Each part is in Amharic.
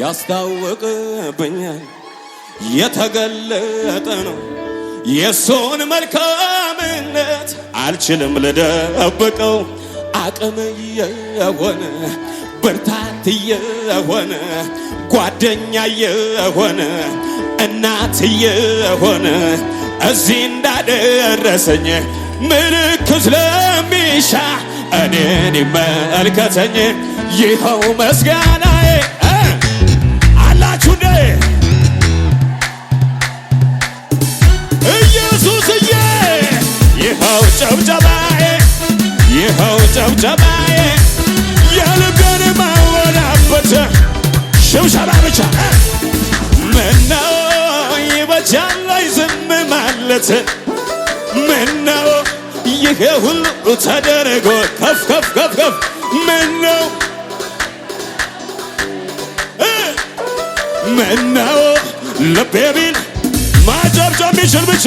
ያስታወቅብኛል የተገለጠ ነው የሱን መልካምነት አልችልም ልደብቀው አቅም የሆነ ብርታት የሆነ ጓደኛ የሆነ እናት የሆነ እዚህ እንዳደረሰኝ ምልክት ለሚሻ እኔን ይመልከተኝ ይኸው መስጋና ይኸው ጨብጨባዬ ይኸው ጨብጨባዬ የልቤን ማወራበት ሽብሸባ ብቻ ምነው ይበጃል ዝም ማለት ምነው ይሄ ሁሉ ተደረጎ ከፍ ከፍ ከፍ ከፍ ምነው ምነው ልቤ ቢል ማጨብጨብ የሚችል ብቻ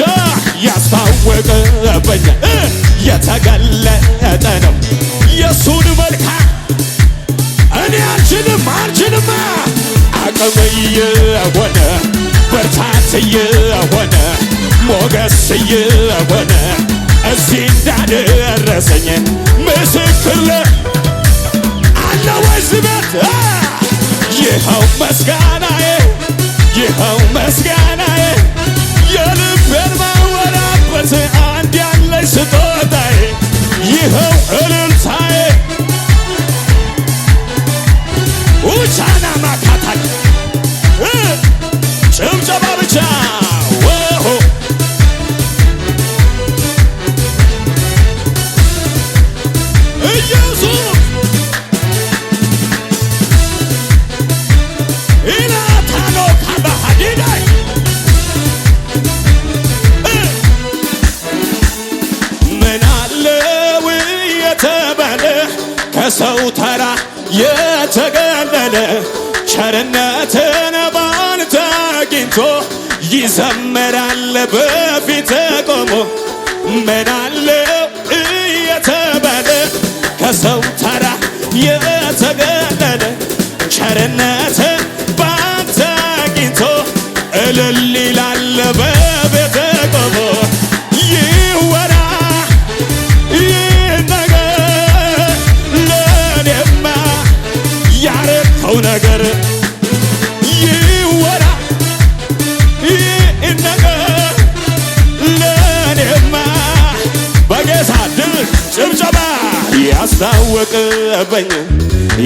ያስታወቅበኛል። የተገለጠ ነው የእሱን መልካ እኔ አልችልም አልችልም አቅም እየሆነ ብርታት የሆነ ሞገስ እየሆነ እዚህ እንዳደረሰኝ ምስክር አለ ወይስ ቤት ይኸው ምስጋናዬ ይኸው ምስጋና በሕይወቴ አንድ ያለሽ ስጦታዬ ይኸው እልልታዬ ውቻና ማካታል ጭብጨባ ብቻ ወሆ ኢየሱስ ሰው ተራ የተገለለ ቸርነትን ባንተ አግኝቶ ይዘምራል በፊት ቆሞ ምናለው እየተባለ ከሰው ተራ የተገለለ ቸርነትን ባንተ አግኝቶ እልል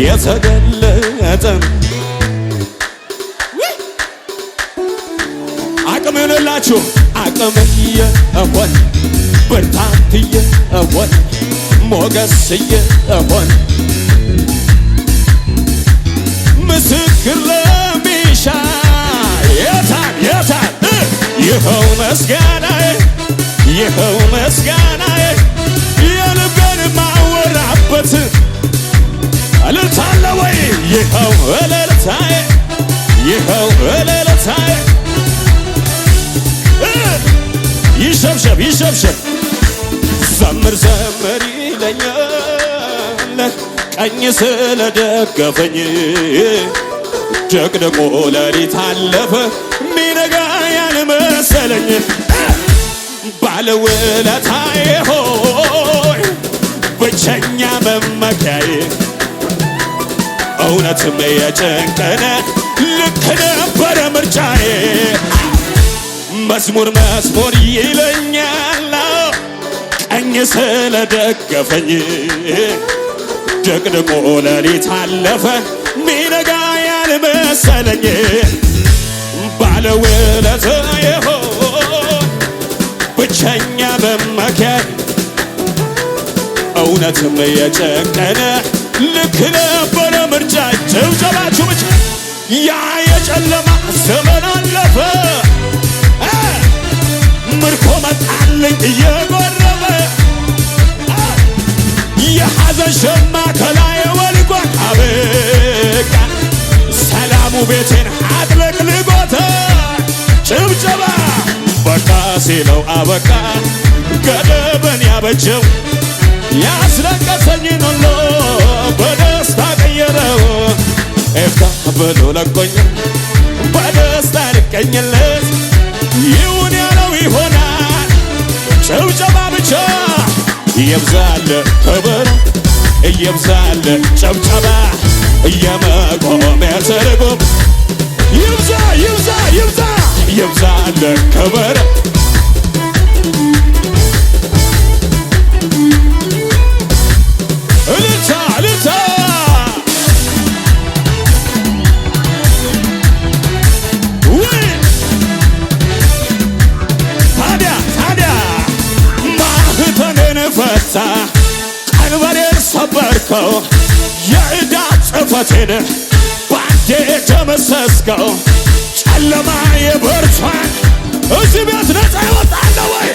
የተገለጠም አቅም ይሆንላችሁ አቅምየ እየሆን ብርታት እየሆን ሞገስየ እየሆን ምስክር ለሚሻ የታል የታል ይኸው መስጋናዬ ይኸው መስጋናዬ የልቤን ማወራበት ይኸው እልልታዬ ይኸው እልልታዬ ይሸብሸብ ይሸብሸብ ዘምር ዘምር ይለኛል ቀኝ ስለደገፈኝ ጨቅድቆ ለሊት አለፈ ሚነጋ ያልመሰለኝ ባለውለታዬ ሆይ ብቸኛ መመኪያዬ እውነትም የጨንቀነ ልክ ነበረ ምርጫዬ መዝሙር መዝሙር ይለኛል ቀኝ ስለደገፈኝ ደቅድቆ ሌሊት አለፈ ሚነጋ ያልመሰለኝ ባለውለታ የሆን ብቸኛ መመኪያዬ እውነትም የጨንቀነ ልክ ነበረ ምርጫ ጭብጨባችሁ ብቻ። ያ የጨለማ ዘመን አለፈ፣ ምርኮ መጣልኝ እየጎረበ የሐዘን ሸማ ከላይ ወልጓል። አበቃ ሰላሙ ቤቴን አጥለቅልቆት ጭብጨባ በቃ ሲለው አበቃ ገደበን ያበጀው ያስለቀሰኝን ብሎ ለቆኝ በደስታ ልቀኝለት ይሁን ያለው ይሆናል። ጭብጨባ ብቻ እየብዛለ ክብር እየብዛለ ጭብጨባ እየመቆሚያ ትርጉም ይብዛ ይብዛ ይብዛ እየብዛለ ክብር አንበሳ ቀንበሬን ሰበርከው፣ የዕዳ ጭንፈቴን ባንዴ ደመሰስከው። ጨለማ የበርቷን እዚህ ቤት ነፃ ይወጣለ ወይ?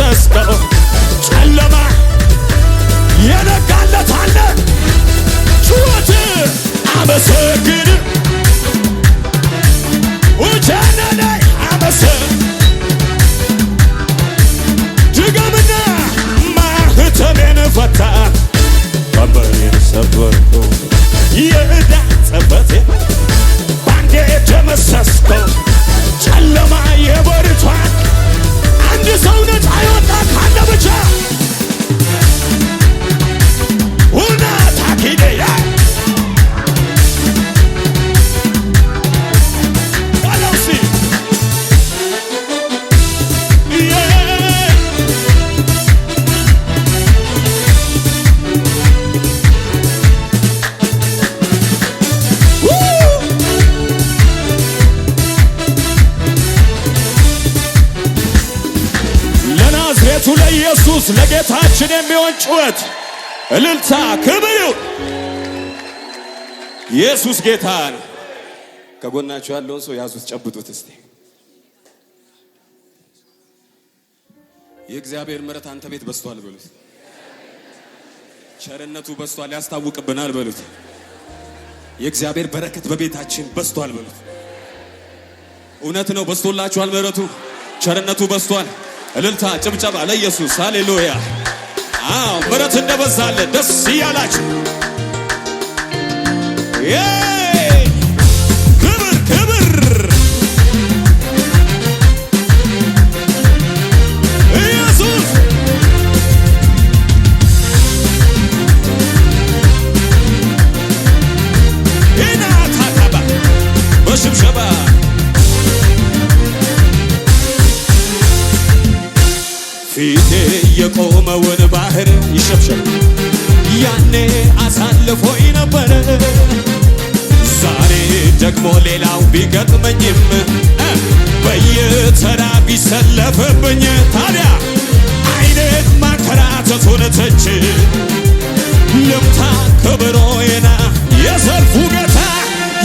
የፈሰስከው ጨለማ የነጋለት አለ ጩኸት አመሰግን ኢየሱስ ለጌታችን የሚሆን ጩኸት፣ እልልታ፣ ክብር ኢየሱስ ጌታ ነው። ከጎናችሁ ያለውን ሰው ያዙት፣ ጨብጡት እስቲ። የእግዚአብሔር ምሕረት አንተ ቤት በስቷል በሉት። ቸርነቱ በስቷል ያስታውቅብናል በሉት። የእግዚአብሔር በረከት በቤታችን በስቷል በሉት። እውነት ነው በዝቶላችኋል። ምሕረቱ ቸርነቱ በስቷል። እልልታ፣ ጭብጨባ ለኢየሱስ ሃሌሉያ። አዎ ምሕረት እንደበዛለ ደስ እያላችሁ ባህር ይሸብሸብ ያኔ አሳልፎኝ ነበረ ዛሬ ደግሞ ሌላው ቢገጥመኝም በየተራ ቢሰለፍብኝ ታዲያ አይነት ማከራተቱን ትቼ ልምታ ክብሮዬና የሰልፉ ጌታ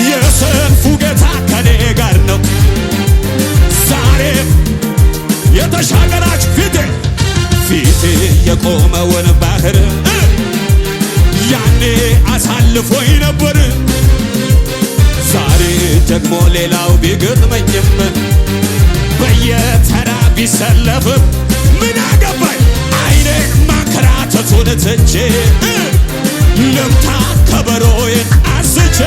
የሰልፉ ጌታ ከኔ ጋር ነው ዛሬም የተሻገራች ፊቴ ፊት የቆመውን ባህር ያኔ አሳልፎኝ ነበር። ዛሬ ደግሞ ሌላው ቢገጥመኝም በየተራ ቢሰለፍም ምን አገባኝ አይኔ ማከራተቱን ትቼ ልምታ ከበሮዬን አስቼ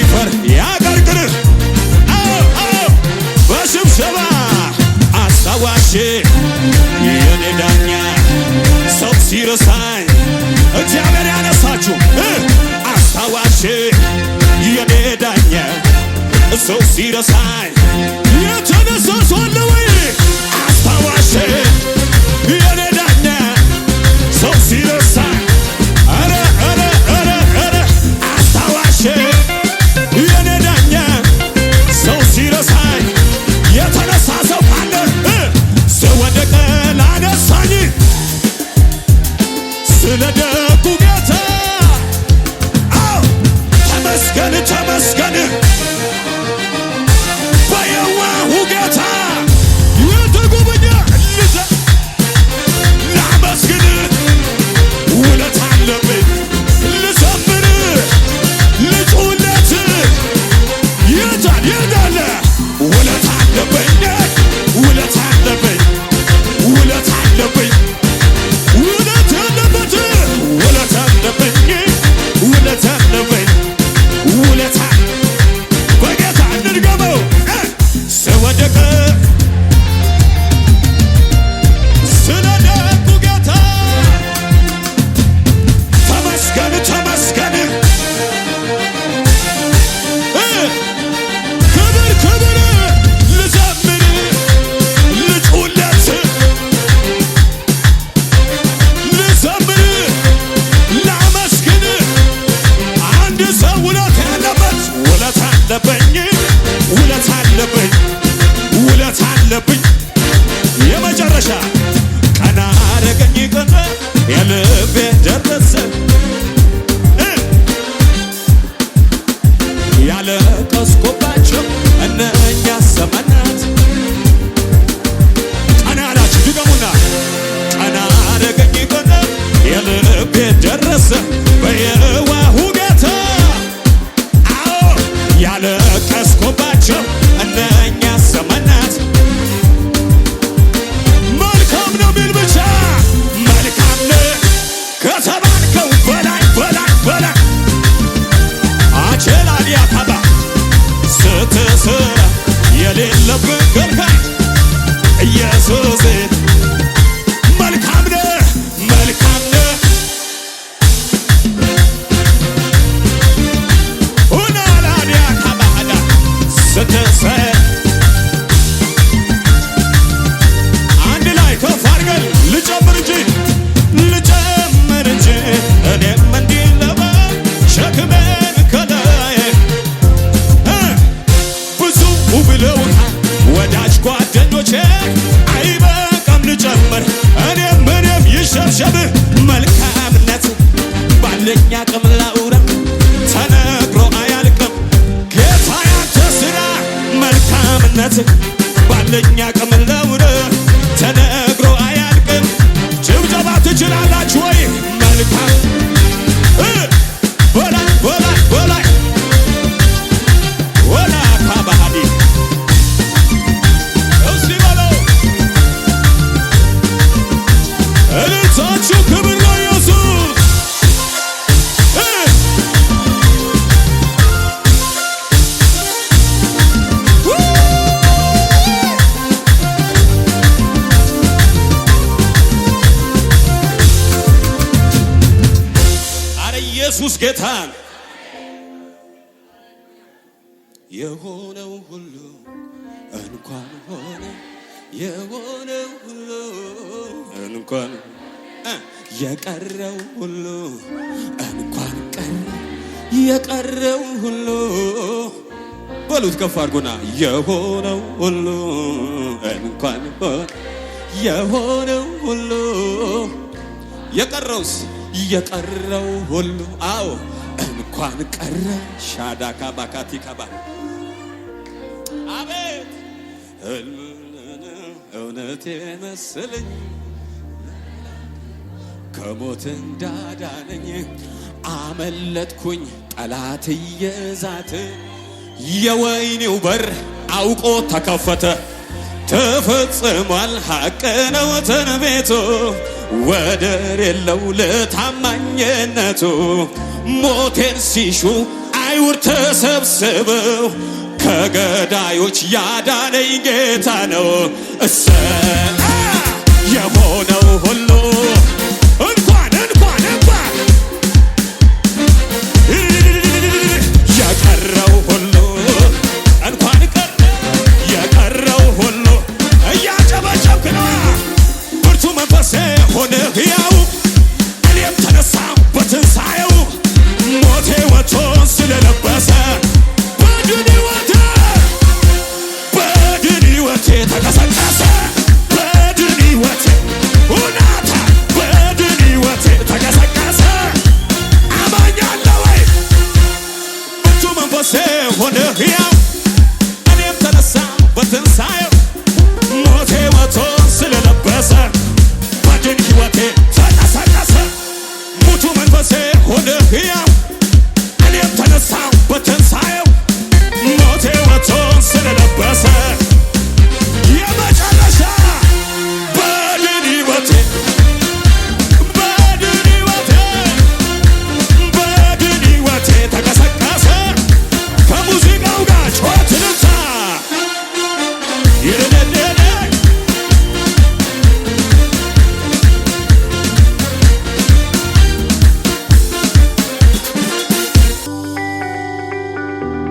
ሉሲፈር ያቀርቅርህ በስብሰባ አስታዋሽ የኔ ዳኛ ሰው ሲረሳኝ እግዚአብሔር ያነሳችሁ አስታዋሽ የኔ ዳኛ ሰው ሲረሳኝ ኢየሱስ ጌታ የሆነው ሁሉ እንኳን ሆነ የሆነው ሁሉ እንኳን የቀረው ሁሉ እንኳን ቀረ የቀረው ሁሉ በሉት ከፍ አድርጎና የሆነው ሁሉ እንኳን ሆነ የሆነው ሁሉ የቀረውስ እየቀረው ሁሉ አዎ እንኳን ቀረ ሻዳካ ባካቲ ካባ አቤት ህልምን እውነት የመስልኝ ከሞት እንዳዳነኝ አመለጥኩኝ ጠላት እየዛት የወይኔው በር አውቆ ተከፈተ ተፈጽሟል ሐቅ ነው ትንቢቱ ወደር የለው ለታማኝነቱ ሞቴን ሲሹ አይውር ተሰብስበው ከገዳዮች ያዳነኝ ጌታ ነው እሰ የሆነው ሁሉ